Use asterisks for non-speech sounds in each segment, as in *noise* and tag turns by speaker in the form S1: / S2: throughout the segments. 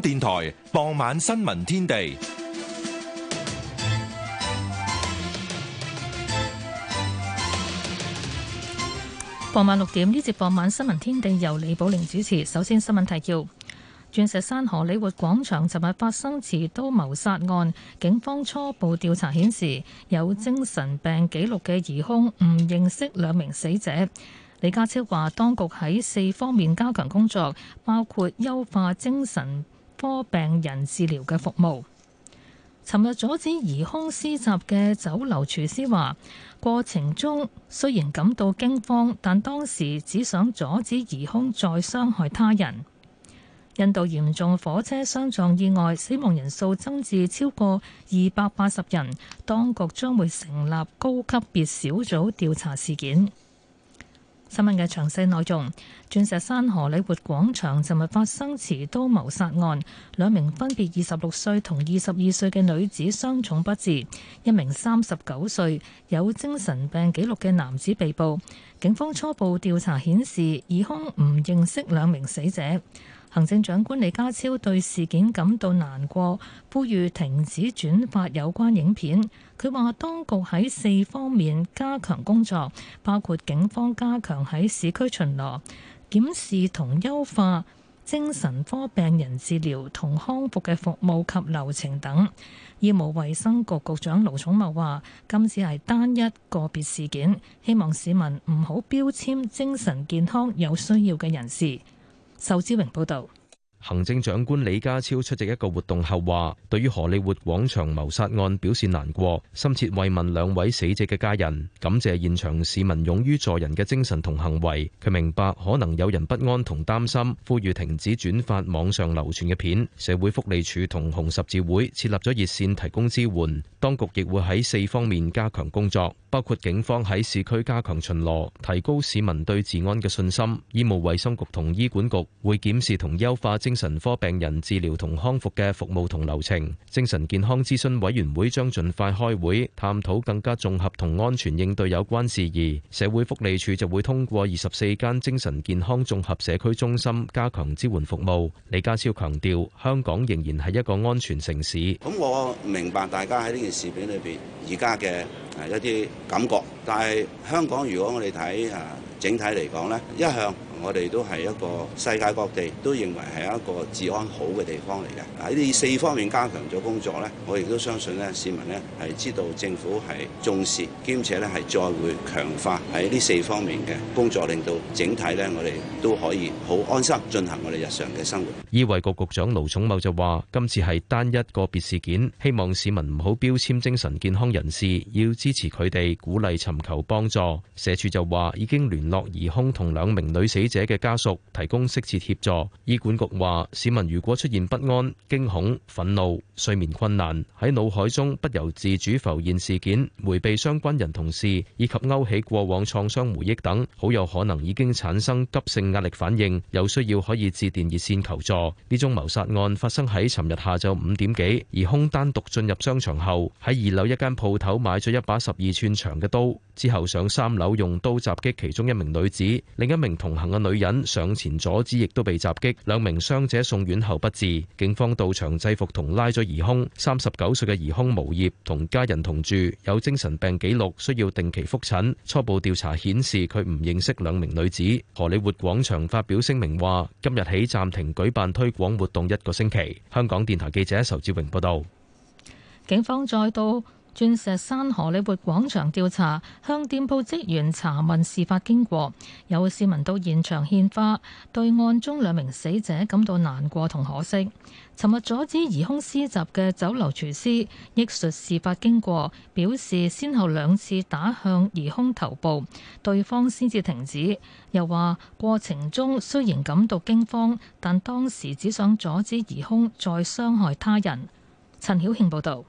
S1: 電台傍晚新聞
S2: 天地。傍晚六點呢節傍晚新聞天地由李寶玲主持。首先新聞提要：鑽石山荷里活廣場尋日發生持刀謀殺案，警方初步調查顯示有精神病紀錄嘅疑凶唔認識兩名死者。李家超話當局喺四方面加強工作，包括優化精神科病人治療嘅服務。尋日阻止疑兇施襲嘅酒樓廚師話，過程中雖然感到驚慌，但當時只想阻止疑兇再傷害他人。印度嚴重火車相撞意外，死亡人數增至超過二百八十人，當局將會成立高級別小組調查事件。新聞嘅詳細內容：鑽石山荷里活廣場尋日發生持刀謀殺案，兩名分別二十六歲同二十二歲嘅女子傷重不治，一名三十九歲有精神病記錄嘅男子被捕。警方初步調查顯示，疑兇唔認識兩名死者。行政長官李家超對事件感到難過，呼籲停止轉發有關影片。佢話：當局喺四方面加強工作，包括警方加強喺市區巡邏、檢視同優化精神科病人治療同康復嘅服務及流程等。醫務衛生局局長盧寵茂話：今次係單一個別事件，希望市民唔好標籤精神健康有需要嘅人士。仇志榮報道。
S3: 行政長官李家超出席一個活動後話，對於荷里活廣場謀殺案表示難過，深切慰問兩位死者嘅家人，感謝現場市民勇於助人嘅精神同行為。佢明白可能有人不安同擔心，呼籲停止轉發網上流傳嘅片。社會福利署同紅十字會設立咗熱線提供支援，當局亦會喺四方面加強工作，包括警方喺市區加強巡邏，提高市民對治安嘅信心。醫務衛生局同醫管局會檢視同優化。精神科病人治療同康復嘅服務同流程，精神健康諮詢委員會將盡快開會探討更加綜合同安全應對有關事宜。社會福利署就會通過二十四間精神健康綜合社區中心加強支援服務。李家超強調，香港仍然係一個安全城市。
S4: 咁我明白大家喺呢件事件裏邊而家嘅誒一啲感覺，但係香港如果我哋睇誒整體嚟講咧，一向。我哋都係一個世界各地都認為係一個治安好嘅地方嚟嘅，喺呢四方面加強咗工作咧，我亦都相信咧市民咧係知道政府係重視，兼且咧係再會強化喺呢四方面嘅工作，令到整體咧我哋都可以好安心進行我哋日常嘅生活。
S3: 醫衞局局長盧寵茂就話：今次係單一個別事件，希望市民唔好標籤精神健康人士，要支持佢哋，鼓勵尋求幫助。社署就話已經聯絡疑兇同兩名女死。者嘅家屬提供適切協助。醫管局話：市民如果出現不安、驚恐、憤怒、睡眠困難、喺腦海中不由自主浮現事件、回避相關人同事以及勾起過往創傷回憶等，好有可能已經產生急性壓力反應。有需要可以致電熱線求助。呢宗謀殺案發生喺尋日下晝五點幾，疑兇單獨進入商場後，喺二樓一間鋪頭買咗一把十二寸長嘅刀，之後上三樓用刀襲擊其中一名女子，另一名同行個女人上前阻止，亦都被襲擊。兩名傷者送院後不治。警方到場制服同拉咗疑凶。三十九歲嘅疑凶無業，同家人同住，有精神病記錄，需要定期覆診。初步調查顯示，佢唔認識兩名女子。荷里活廣場發表聲明話，今日起暫停舉辦推廣活動一個星期。香港電台記者仇志榮報道。
S2: 警方再到。鑽石山荷里活廣場調查，向店鋪職員查問事發經過。有市民到現場獻花，對案中兩名死者感到難過同可惜。尋日阻止疑兇施襲嘅酒樓廚師憶述事發經過，表示先後兩次打向疑兇頭部，對方先至停止。又話過程中雖然感到驚慌，但當時只想阻止疑兇再傷害他人。陳曉慶報導。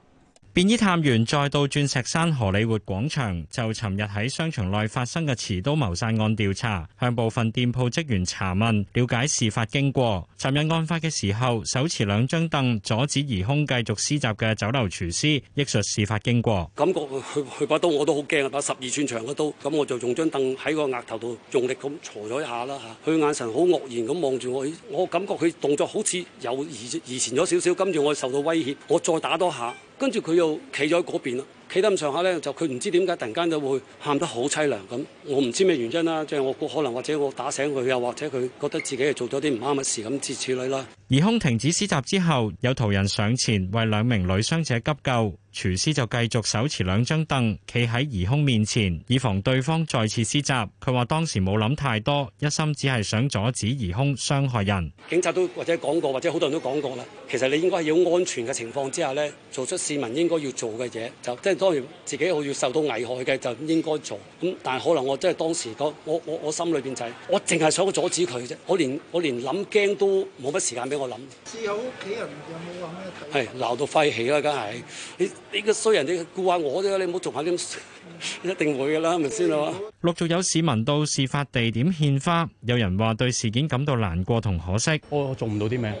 S1: 便衣探員再到鑽石山荷里活廣場，就尋日喺商場內發生嘅持刀謀殺案調查，向部分店鋪職員查問，了解事發經過。尋日案發嘅時候，手持兩張凳阻止疑兇繼續施襲嘅酒樓廚師，憶述事發經過。
S4: 感覺佢佢把刀，我都好驚啊！把十二寸長嘅刀，咁我就用張凳喺個額頭度用力咁鋤咗一下啦。吓，佢眼神好愕然咁望住我，我感覺佢動作好似有移移前咗少少，跟住我受到威脅，我再打多下。跟住佢又企咗喺嗰邊啦。企得咁上下咧，就佢唔知點解突然間就會喊得好淒涼咁，我唔知咩原因啦。即係我估可能或者我打醒佢，又或者佢覺得自己係做咗啲唔啱嘅事咁，接處理啦。
S1: 疑兇停止施襲之後，有途人上前為兩名女傷者急救，廚師就繼續手持兩張凳企喺疑兇面前，以防對方再次施襲。佢話當時冇諗太多，一心只係想阻止疑兇傷害人。
S4: 警察都或者講過，或者好多人都講過啦。其實你應該係喺安全嘅情況之下咧，做出市民應該要做嘅嘢，就即係。當然自己好似受到危害嘅就應該做咁，但係可能我真係當時講，我我我心裏邊就係、是、我淨係想阻止佢啫，我連我連諗驚都冇乜時間俾我諗。試
S1: 下屋企人有冇
S4: 話咩題？係鬧到廢氣啦，梗係你你個衰人，你顧下我啫，你唔好做下啲， *laughs* 你一定會嘅啦，係咪先啦？
S1: 陸續有市民到事發地點獻花，有人話對事件感到難過同可惜。我，我做唔到啲咩？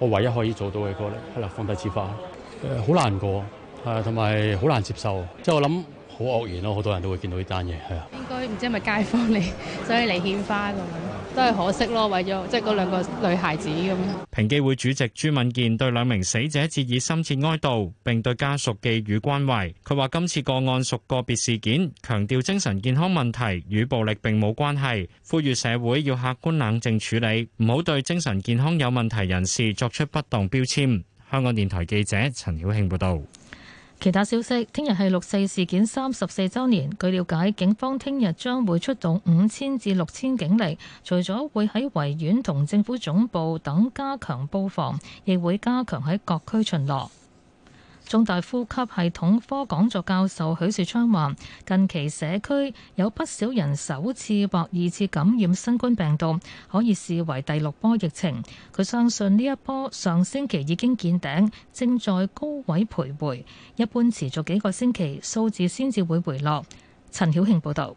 S1: 我唯一可以做到嘅歌咧，係、嗯、啦，放低紙花。誒、呃，好難過。係，同埋好難接受，即係我諗好愕然咯。好多人都會見到呢單嘢係啊，應
S2: 該唔知係咪街坊嚟，所以嚟獻花咁樣都係可惜咯。為咗即係嗰兩個女孩子咁樣。
S1: 平機會主席朱敏健對兩名死者致以深切哀悼，並對家屬寄予關懷。佢話今次個案屬個別事件，強調精神健康問題與暴力並冇關係，呼籲社會要客觀冷靜處理，唔好對精神健康有問題人士作出不當標籤。香港電台記者陳曉慶報導。
S2: 其他消息，聽日係六四事件三十四周年。據了解，警方聽日將會出動五千至六千警力，除咗會喺維園同政府總部等加強佈防，亦會加強喺各區巡邏。中大呼吸系統科講座教授許樹昌話，近期社區有不少人首次或二次感染新冠病毒，可以視為第六波疫情。佢相信呢一波上星期已經見頂，正在高位徘徊，一般持續幾個星期數字先至會回落。陳曉慶報道。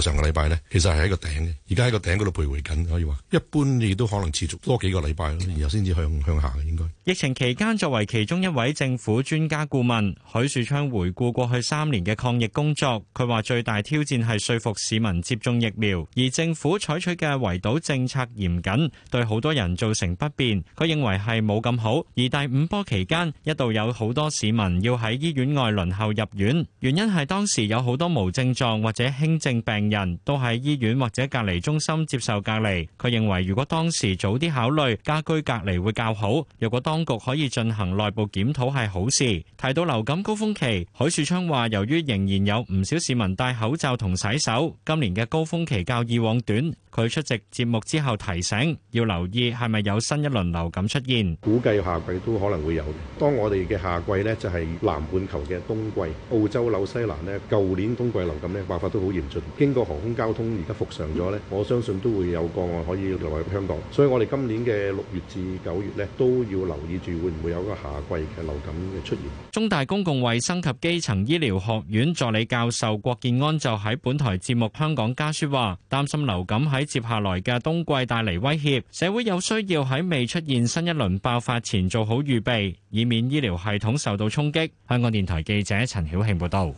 S5: 上個禮拜呢，其實係喺個頂嘅，而家喺個頂嗰度徘徊緊，可以話一般亦
S1: 都可能持續多幾個禮拜，然後先至向向下嘅。應該疫情期間，作為其中一位政府專家顧問，許樹昌回顧過去三年嘅抗疫工作，佢話最大挑戰係說服市民接種疫苗，而政府採取嘅圍堵政策嚴謹，對好多人造成不便。佢認為係冇咁好。而第五波期間，一度有好多市民要喺醫院外輪候入院，原因係當時有好多無症狀或者輕症病。人都喺醫院或者隔離中心接受隔離。佢認為如果當時早啲考慮家居隔離會較好。若果當局可以進行內部檢討係好事。提到流感高峰期，許樹昌話：由於仍然有唔少市民戴口罩同洗手，今年嘅高峰期較以往短。佢出席節目之後提醒，要留意係咪有新一輪流感出現。
S5: 估計夏季都可能會有。當我哋嘅夏季呢，就係南半球嘅冬季。澳洲紐西蘭呢，舊年冬季流感呢爆發都好嚴峻。經個航空交通而家復常咗咧，我相信都會有個案可以來到香港，所以我哋今年嘅六月至九月咧，都要留意住會唔會有個夏季嘅流感嘅出現。
S1: 中大公共衞生及基層醫療學院助理教授郭建安就喺本台節目《香港家書》話，擔心流感喺接下來嘅冬季帶嚟威脅，社會有需要喺未出現新一輪爆發前做好預備，以免醫療系統受到衝擊。香港電台記者陳曉慶報道。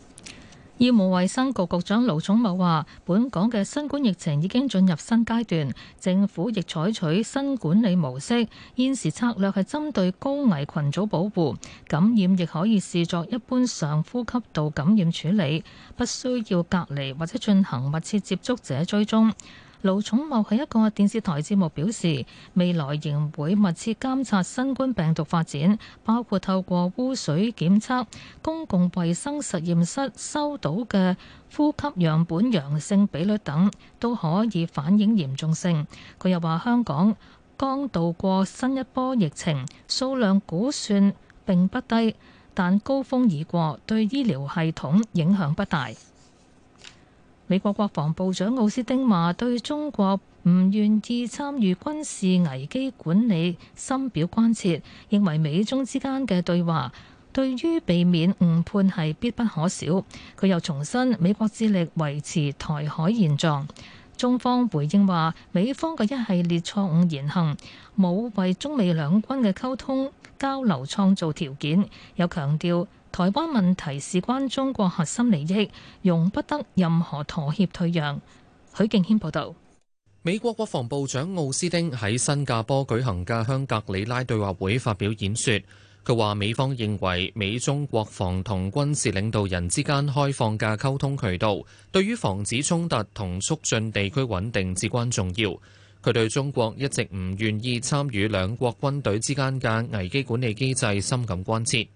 S2: 醫務衛生局局長盧寵茂話，本港嘅新冠疫情已經進入新階段，政府亦採取新管理模式，現時策略係針對高危群組保護，感染亦可以視作一般上呼吸道感染處理，不需要隔離或者進行密切接觸者追蹤。盧寵茂喺一個電視台節目表示，未來仍會密切監察新冠病毒發展，包括透過污水檢測、公共衛生實驗室收到嘅呼吸樣本陽性比率等，都可以反映嚴重性。佢又話：香港剛度過新一波疫情，數量估算並不低，但高峰已過，對醫療系統影響不大。美國國防部長奧斯丁話，對中國唔願意參與軍事危機管理深表關切，認為美中之間嘅對話對於避免誤判係必不可少。佢又重申美國致力維持台海現狀。中方回應話，美方嘅一系列錯誤言行冇為中美兩軍嘅溝通交流創造條件，又強調。台灣問題事關中國核心利益，容不得任何妥協退讓。許敬軒報道。
S5: 美國國防部長奧斯汀喺新加坡舉行嘅香格里拉對話會發表演說，佢話美方認為美中國防同軍事領導人之間開放嘅溝通渠道，對於防止衝突同促進地區穩定至關重要。佢對中國一直唔願意參與兩國軍隊之間嘅危機管理機制深感關切。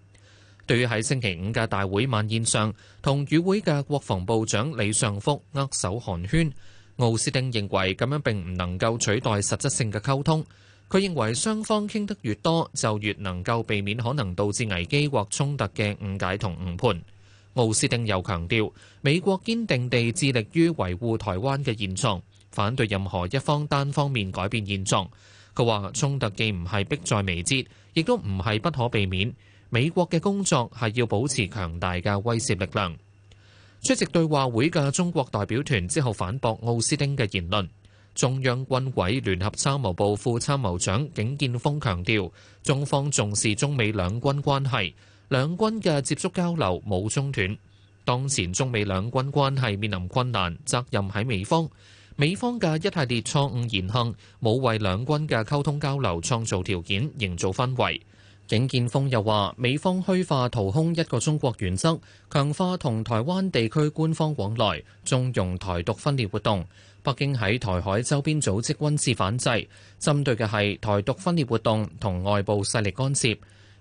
S5: 對於喺星期五嘅大會晚宴上同與會嘅國防部長李尚福握手寒暄，奧斯丁認為咁樣並唔能夠取代實質性嘅溝通。佢認為雙方傾得越多，就越能夠避免可能導致危機或衝突嘅誤解同誤判。奧斯丁又強調，美國堅定地致力於維護台灣嘅現狀，反對任何一方單方面改變現狀。佢話衝突既唔係迫在眉睫，亦都唔係不可避免。美國嘅工作係要保持強大嘅威懾力量。出席對話會嘅中國代表團之後反駁奧斯丁嘅言論。中央軍委聯合參謀部副參謀長景建峰強調，中方重視中美兩軍關係，兩軍嘅接觸交流冇中斷。當前中美兩軍關係面臨困難，責任喺美方。美方嘅一系列錯誤言行冇為兩軍嘅溝通交流創造條件、營造氛圍。景建峰又話：美方虛化、掏空一個中國原則，強化同台灣地區官方往來，縱容台獨分裂活動。北京喺台海周邊組織軍事反制，針對嘅係台獨分裂活動同外部勢力干涉，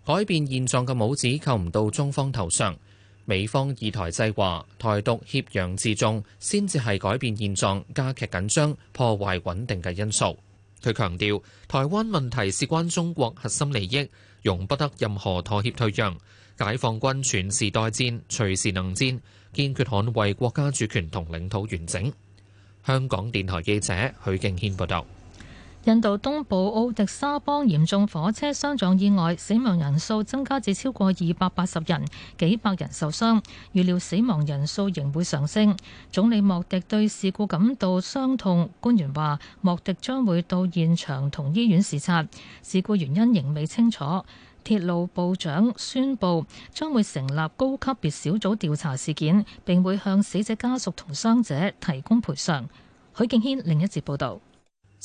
S5: 改變現狀嘅帽子扣唔到中方頭上。美方以台制華，台獨挾洋自重，先至係改變現狀，加劇緊張，破壞穩定嘅因素。佢強調，台灣問題事關中國核心利益。容不得任何妥協退讓，解放軍全時待戰，隨時能戰，堅決捍衛國家主權同領土完整。香港電台記者許敬軒報道。
S2: 印度東部奧迪沙邦嚴重火車相撞意外，死亡人數增加至超過二百八十人，幾百人受傷，預料死亡人數仍會上升。總理莫迪對事故感到傷痛，官員話莫迪將會到現場同醫院視察。事故原因仍未清楚。鐵路部長宣布將會成立高級別小組調查事件，並會向死者家屬同傷者提供賠償。許敬軒另一節報導。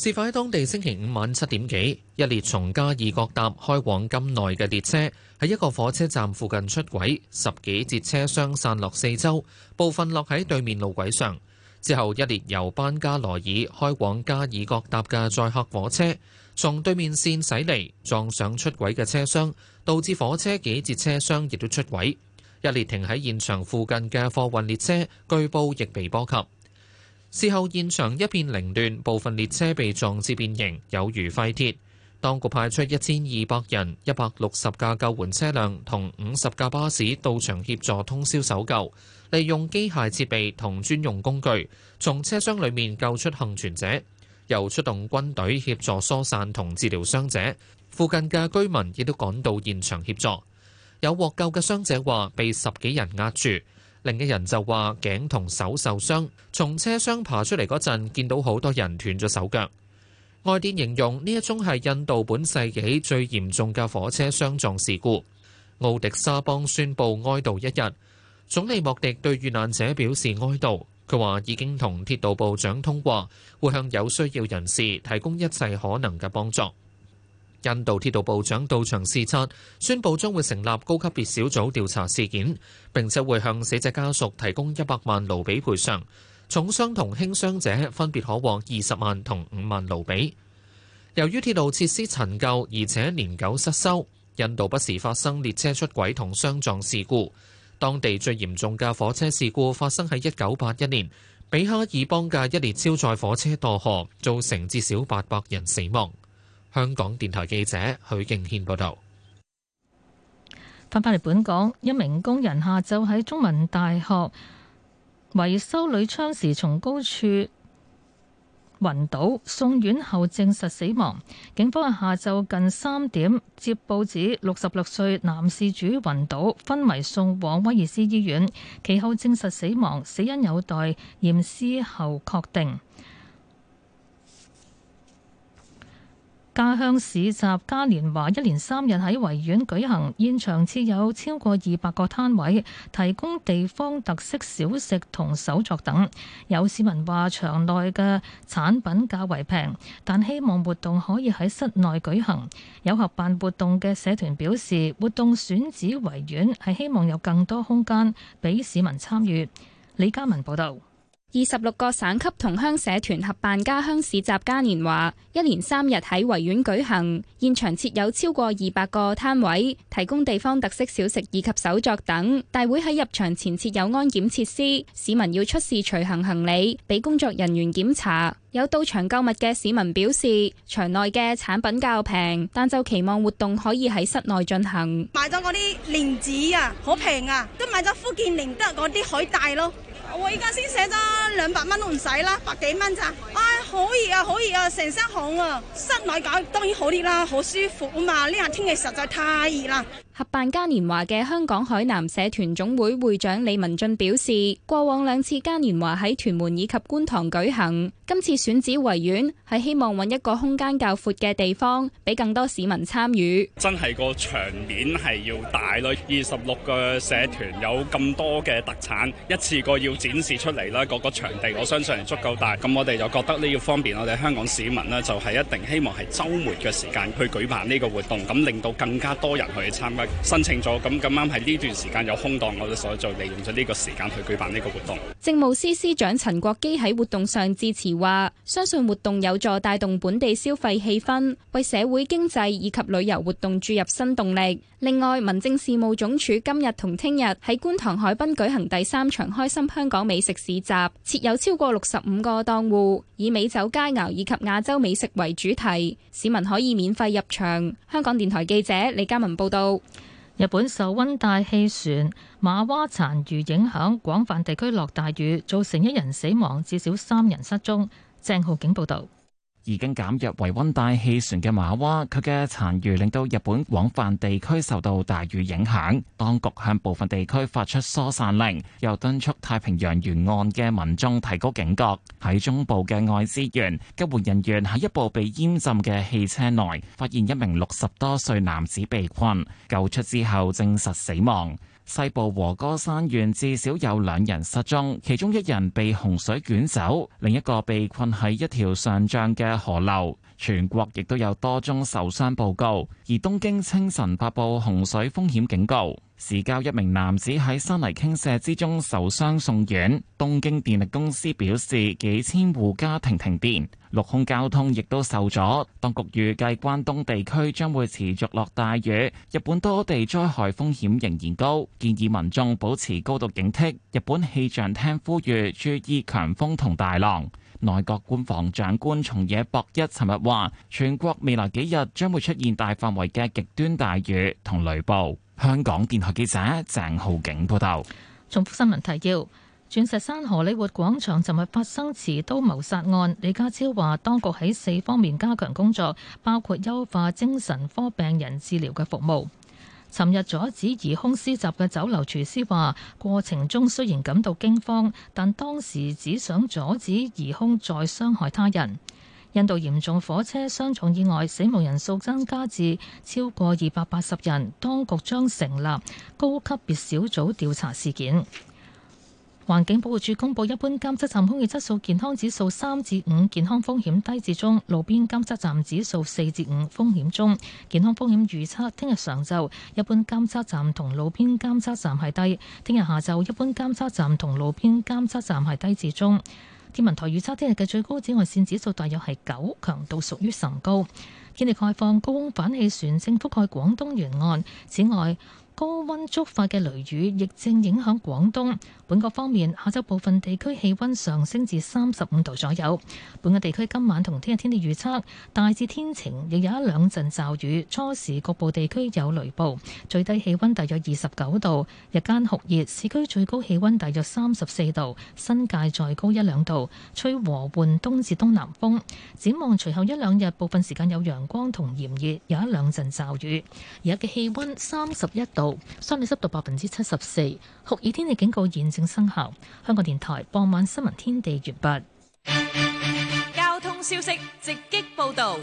S5: 事發喺當地星期五晚七點幾，一列從加爾各答開往金奈嘅列車喺一個火車站附近出軌，十幾節車廂散落四周，部分落喺對面路軌上。之後，一列由班加羅爾開往加爾各答嘅載客火車從對面線駛嚟，撞上出軌嘅車廂，導致火車幾節車廂亦都出軌。一列停喺現場附近嘅貨運列車據報亦被波及。事後現場一片凌亂，部分列車被撞至變形，有如廢鐵。當局派出一千二百人、一百六十架救援車輛同五十架巴士到場協助通宵搜救，利用機械設備同專用工具從車廂裏面救出幸存者。又出動軍隊協助疏散同治療傷者，附近嘅居民亦都趕到現場協助。有獲救嘅傷者話，被十幾人壓住。另一人就話：頸同手受傷，從車廂爬出嚟嗰陣，見到好多人斷咗手腳。外電形容呢一宗係印度本世紀最嚴重嘅火車相撞事故。奧迪沙邦宣布哀悼一日，總理莫迪對遇難者表示哀悼。佢話已經同鐵道部長通話，會向有需要人士提供一切可能嘅幫助。印度鐵道部長到場視察，宣布將會成立高級別小組調查事件，並且會向死者家屬提供一百萬盧比賠償，重傷同輕傷者分別可獲二十萬同五萬盧比。由於鐵路設施陳舊，而且年久失修，印度不時發生列車出軌同相撞事故。當地最嚴重嘅火車事故發生喺一九八一年，比哈爾邦嘅一列超載火車墮河，造成至少八百人死亡。香港電台記者許敬軒報道。
S2: 翻返嚟本港，一名工人下晝喺中文大學維修鋁窗時，從高處暈倒，送院後證實死亡。警方喺下晝近三點接報指，六十六歲男事主暈倒昏迷，送往威爾斯醫院，其後證實死亡，死因有待驗屍後確定。家鄉市集嘉年華一連三日喺維園舉行，現場設有超過二百個攤位，提供地方特色小食同手作等。有市民話場內嘅產品較為平，但希望活動可以喺室內舉行。有合辦活動嘅社團表示，活動選址維園係希望有更多空間俾市民參與。李嘉文報道。
S6: 二十六個省級同鄉社團合辦家鄉市集嘉年華，一連三日喺維園舉行，現場設有超過二百個攤位，提供地方特色小食以及手作等。大會喺入場前設有安檢設施，市民要出示隨行行李俾工作人員檢查。有到場購物嘅市民表示，場內嘅產品較平，但就期望活動可以喺室內進行。
S7: 買咗嗰啲蓮子啊，好平啊，都買咗福建寧德嗰啲海帶咯。我依家先寫咗兩百蚊都唔使啦，百幾蚊咋？哎，好熱啊，好熱啊，好熱啊，成身汗啊，室內搞當然好啲啦，好舒服啊嘛，呢下天氣實在太熱啦。
S6: 合辦嘉年華嘅香港海南社團總會會長李文俊表示，過往兩次嘉年華喺屯門以及觀塘舉行，今次選址維園係希望揾一個空間較闊嘅地方，俾更多市民參與。
S1: 真係個場面係要大咯，二十六個社團有咁多嘅特產，一次過要展示出嚟啦。個個場地我相信係足夠大，咁我哋就覺得呢要方便我哋香港市民啦，就係一定希望係周末嘅時間去舉辦呢個活動，咁令到更加多人去參加。申請咗咁，咁啱喺呢段時間有空檔，我哋所以利用咗呢個時間去舉辦呢個活動。
S6: 政務司司長陳國基喺活動上致辭話，相信活動有助帶動本地消費氣氛，為社會經濟以及旅遊活動注入新動力。另外，民政事務總署今日同聽日喺觀塘海濱舉行第三場開心香港美食市集，設有超過六十五個檔戶，以美酒佳肴以及亞洲美食為主題，市民可以免費入場。香港電台記者李嘉文報道。日本受温
S2: 帶氣旋馬蛙殘餘影響，廣泛地區落大雨，造成一人死亡，至少三人失蹤。鄭浩景報道。
S8: 已經減弱為溫帶氣旋嘅馬娃，佢嘅殘餘令到日本廣泛地區受到大雨影響，當局向部分地區發出疏散令，又敦促太平洋沿岸嘅民眾提高警覺。喺中部嘅愛知縣，救援人員喺一部被淹浸嘅汽車內發現一名六十多歲男子被困，救出之後證實死亡。西部和歌山縣至少有兩人失蹤，其中一人被洪水捲走，另一個被困喺一條上漲嘅河流。全國亦都有多宗受傷報告，而東京清晨發佈洪水風險警告。市郊一名男子喺山泥傾瀉之中受傷送院。東京電力公司表示，幾千戶家庭停電，陸空交通亦都受阻。當局預計關東地區將會持續落大雨，日本多地災害風險仍然高，建議民眾保持高度警惕。日本氣象廳呼籲注意強風同大浪。內閣官房長官松野博一尋日話，全國未來幾日將會出現大範圍嘅極端大雨同雷暴。香港電台記者鄭浩景報道，
S2: 重複新聞提要：鑽石山荷里活廣場尋日發生持刀謀殺案。李家超話，當局喺四方面加強工作，包括優化精神科病人治療嘅服務。尋日阻止疑兇施襲嘅酒樓廚師話，過程中雖然感到驚慌，但當時只想阻止疑兇再傷害他人。印度嚴重火車相撞意外，死亡人數增加至超過二百八十人。當局將成立高級別小組調查事件。環境保護署公布，一般監測站空氣質素健康指數三至五，健康風險低至中；路邊監測站指數四至五，風險中。健康風險預測，聽日上晝一般監測站同路邊監測站係低；聽日下晝一般監測站同路邊監測站係低至中。天文台預測聽日嘅最高紫外線指數大約係九，強度屬於甚高。天氣概況，高空反氣旋，正覆蓋廣東沿岸，此外，高溫觸發嘅雷雨亦正影響廣東。本港方面，下晝部分地區氣溫上升至三十五度左右。本港地區今晚同聽日天氣預測大致天晴，亦有一兩陣驟雨，初時局部地區有雷暴。最低氣溫大約二十九度，日間酷熱，市區最高氣溫大約三十四度，新界再高一兩度，吹和緩東至東南風。展望隨後一兩日，部分時間有陽光同炎熱，有一兩陣驟雨。而家嘅氣溫三十一度。相對濕度百分之七十四，酷熱天氣警告現正生效。香港電台傍晚新聞天地完畢。交通消息直擊報道。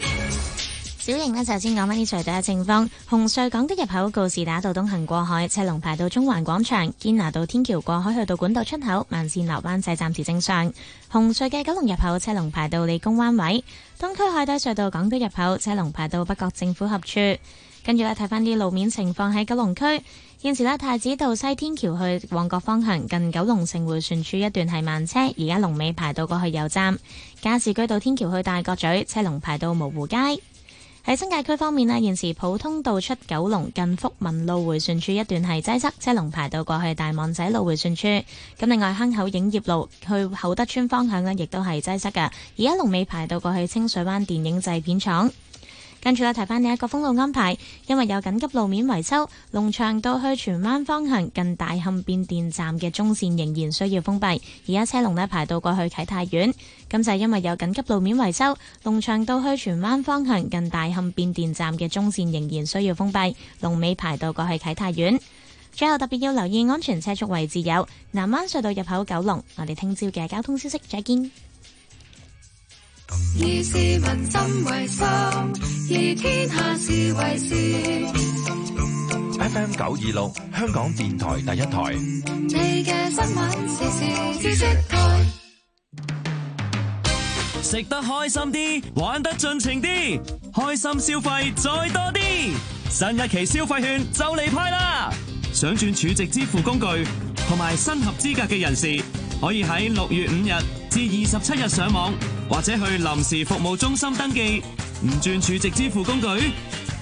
S7: 小瑩咧就先講翻啲隧道嘅情況。紅隧港島入口告士打道東行過海，車龍排到中環廣場；堅拿道天橋過海去到管道出口，慢線落灣仔暫時正常。紅隧嘅九龍入口車龍排到理工灣位；東區海底隧道港島入口車龍排到北角政府合處。跟住咧，睇翻啲路面情況，喺九龍區，現時咧太子道西天橋去旺角方向，近九龍城回旋處一段係慢車，而家龍尾排到過去油站；加士居道天橋去大角咀，車龍排到蕪湖街。喺新界區方面咧，現時普通道出九龍近福民路回旋處一段係擠塞，車龍排到過去大網仔路回旋處。咁另外坑口影業路去厚德邨方向呢，亦都係擠塞嘅，而家龍尾排到過去清水灣電影製片廠。跟住咧，提翻你一個封路安排，因為有緊急路面維修，龍翔道去荃灣方向近大磡變電站嘅中線仍然需要封閉，而家車龍呢排到過去啟泰苑。咁就係因為有緊急路面維修，龍翔道去荃灣方向近大磡變電站嘅中線仍然需要封閉，龍尾排到過去啟泰苑。最後特別要留意安全車速位置有南灣隧道入口九龍。我哋聽朝嘅交通消息再見。以市 *music* 民
S1: 心為心，以天下事為事。FM 九二六，26, 香港
S5: 電台第一台。 *music* 你
S6: 嘅新聞時事知識台，
S5: 食得開心啲，玩得盡情啲，開心消費再多啲。新一期消費券就嚟派啦！想轉儲值支付工具同埋新合資格嘅人士，可以喺六月五日。至二十七日上網，或者去臨時服務中心登記，唔轉儲值支付工具，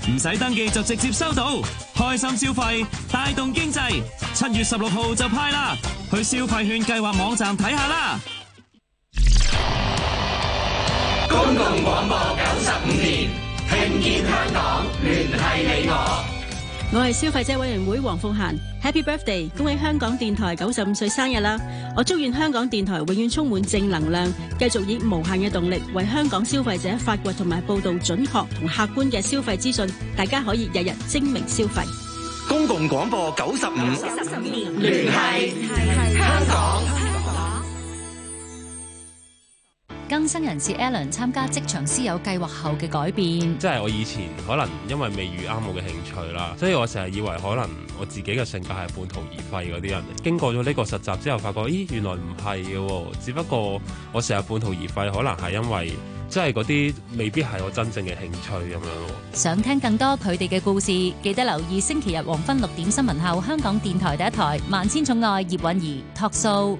S5: 唔使登記就直接收到，開心消費，帶動經濟。七月十六號就派啦，去消費券計劃網站睇下啦。
S8: 公共廣播九十五年，聽見香港，聯
S3: 繫
S6: 你我。我係消費者委員會黃鳳嫻，Happy Birthday！恭喜香港電台九十五歲生日啦！我祝願香港電台永遠充滿正能量，繼續以無限嘅動力為香港消費者發掘同埋報道準確同客觀嘅消費資訊，大家可以日日精明消費。
S5: 公共廣播九十五
S6: 年
S2: 聯繫香港。
S6: 新生人士 Alan 參加職場師友計劃後嘅改變，即係
S8: 我以前可能因為未遇啱我嘅興趣啦，所以我成日以為可能我自己嘅性格係半途而廢嗰啲人。經過咗呢個實習之後，發覺咦，原來唔係嘅，只不過我成日半途而廢，可能係因為即係嗰啲未必係我真正嘅興趣咁
S7: 樣。
S6: 想聽更多佢哋嘅故事，記得留意星期日黃昏六點新聞後，香港電台第一台萬千寵愛葉蘊儀托數。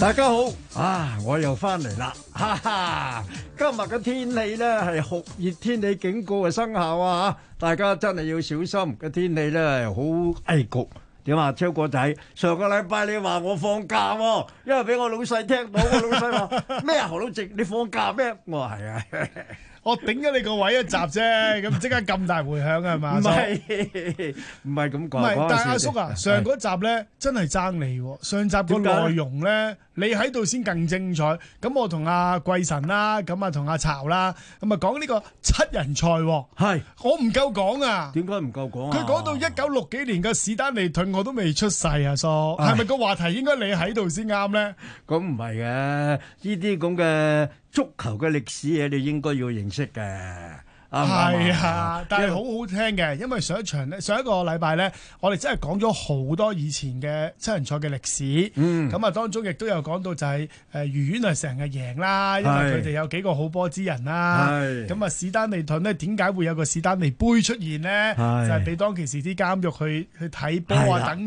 S1: 大家好啊！我又翻嚟啦，哈哈！今日嘅天氣咧係酷熱天氣警告嘅生效啊！大家真係要小心，個天氣咧係好危局。點啊，超個仔，上個禮拜你話我放假、啊，因為俾我老細聽到，我老細話咩啊何老直，你放假咩？
S4: 我話係啊。 *laughs*
S1: *laughs* 我頂咗你個位一集啫，咁即刻咁大回響啊，係嘛的？唔係，唔係咁講。唔係，但阿叔啊，上嗰集咧真係爭你。上集個內容咧，你喺度先更精彩。咁我同阿貴臣啦，咁啊同阿巢啦、啊，咁啊講呢個七人賽。
S4: 係，我唔夠講啊。點解唔夠講啊？佢講、啊、
S1: 到一九六幾年個史丹利盾我都未出世啊，叔。係咪唉個話題應該你喺度先啱咧？咁唔係嘅，呢啲咁嘅。足球嘅歷史嘢，你應該要認識嘅，啱唔啱啊？係啊吧，但係好好聽嘅，因為上一場、上一個禮拜咧，我哋真係講咗好多以前嘅七人賽嘅歷史。嗯。咁啊，當中亦都有講到就係、是、誒，愉園係成日贏啦，因為佢哋有幾個好波之人啦。係。咁啊，史丹利盾咧，點解會有個史丹利杯出現咧？
S2: 是就係俾
S1: 當其時啲監獄去去睇波啊！啊等。